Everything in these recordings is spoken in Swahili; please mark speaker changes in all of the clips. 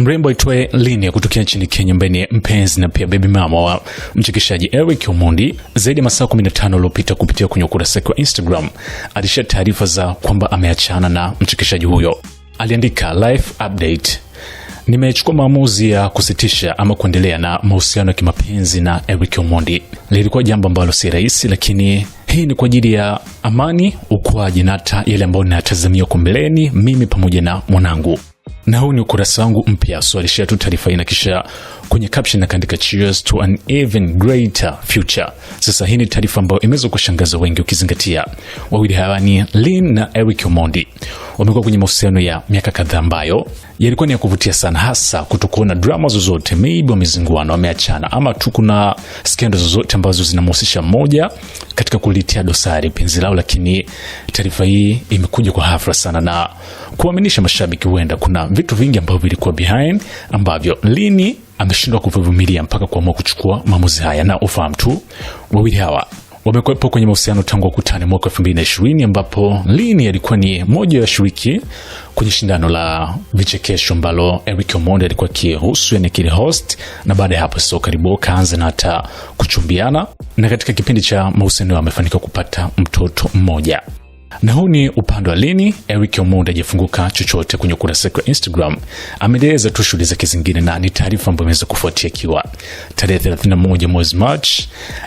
Speaker 1: Mrembo aitwaye Linia kutokea nchini Kenya, ambaye ni mpenzi na pia baby mama wa mchekeshaji Eric Omondi, zaidi ya masaa 15 aliopita kupitia kwenye ukurasa wa Instagram alishia taarifa za kwamba ameachana na mchekeshaji huyo. Aliandika life update: nimechukua maamuzi ya kusitisha ama kuendelea na mahusiano ya kimapenzi na Eric Omondi. Lilikuwa jambo ambalo si rahisi, lakini hii ni kwa ajili ya amani, ukuaji na hata yale ambayo ninatazamia kumbeleni mimi pamoja na mwanangu na huu ni ukurasa wangu mpya. So alishare tu taarifa hii na kisha kwenye caption akaandika cheers to an even greater future. Sasa hii ni taarifa ambayo imeweza kushangaza wengi, ukizingatia wawili hawa ni Lin na Eric Omondi wamekuwa kwenye mahusiano ya miaka kadhaa ambayo yalikuwa ni ya kuvutia sana, hasa kutokuona drama zozote, maybe wamezinguana, wameachana, ama tu kuna skendo zozote ambazo zinamhusisha mmoja katika kulitia dosari penzi lao. Lakini taarifa hii imekuja kwa hafla sana na kuaminisha mashabiki, huenda kuna vitu vingi ambavyo vilikuwa behind ambavyo Lini ameshindwa kuvumilia mpaka kuamua kuchukua maamuzi haya, na ufahamu tu wawili hawa wamekuwepo kwenye mahusiano tangu wakutane mwaka ishirini ambapo Lini alikuwa ni moja ya shiriki kwenye shindano la vichekesho ambalo Eric Omondi alikuwa kihusu, yani kile host, na baada ya hapo so karibu kaanza na hata kuchumbiana, na katika kipindi cha mahusiano amefanikiwa kupata mtoto mmoja. Na huu ni upande wa lini Eric eh, Omondi ajifunguka chochote kwenye ukurasa wake wa Instagram. Ameeleza tu shughuli zake zingine na ni taarifa ambayo imeweza kufuatia kiwa tarehe 31 mwezi march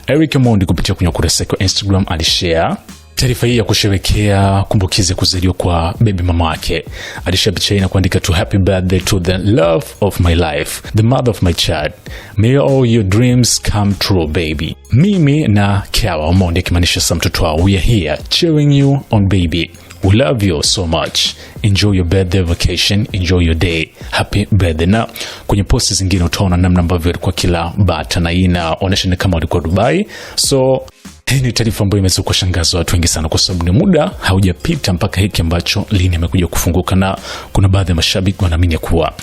Speaker 1: Eric eh, Omondi kupitia kwenye ukurasa wake wa Instagram alishare Taarifa hii ya kusherekea kumbukizi kuzaliwa kwa baby mama wake alisha picha hii na kuandika to happy birthday to the love of my life, the mother of my child, may all your dreams come true baby. Mimi na Kiara Omondi akimaanisha sa mtoto wao, we are here cheering you on baby We love you so much. Enjoy your birthday vacation. Enjoy your day. Happy birthday. Na kwenye posti zingine utaona namna ambavyo alikuwa kila bata na hii inaonyesha ni kama walikuwa Dubai so hii ni taarifa ambayo imeweza kuwashangaza watu wengi sana, kwa sababu ni muda haujapita mpaka hiki ambacho Lini amekuja kufunguka, na kuna baadhi ya mashabiki wanaamini kuwa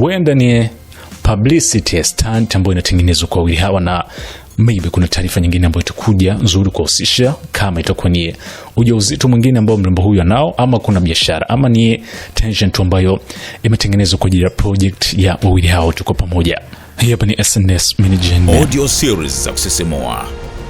Speaker 1: huenda ni publicity stunt ambayo inatengenezwa kwa wili hawa na maybe kuna taarifa nyingine ambayo itakuja nzuri kuwahusisha, kama itakuwa ni ujauzito mwingine ambao mrembo huyu anao, ama kuna biashara, ama ni tension tu ambayo imetengenezwa kwa ajili ya project ya wawili hawa Tuko pamoja, hii hapa ni SNS Manager
Speaker 2: audio series za kusisimua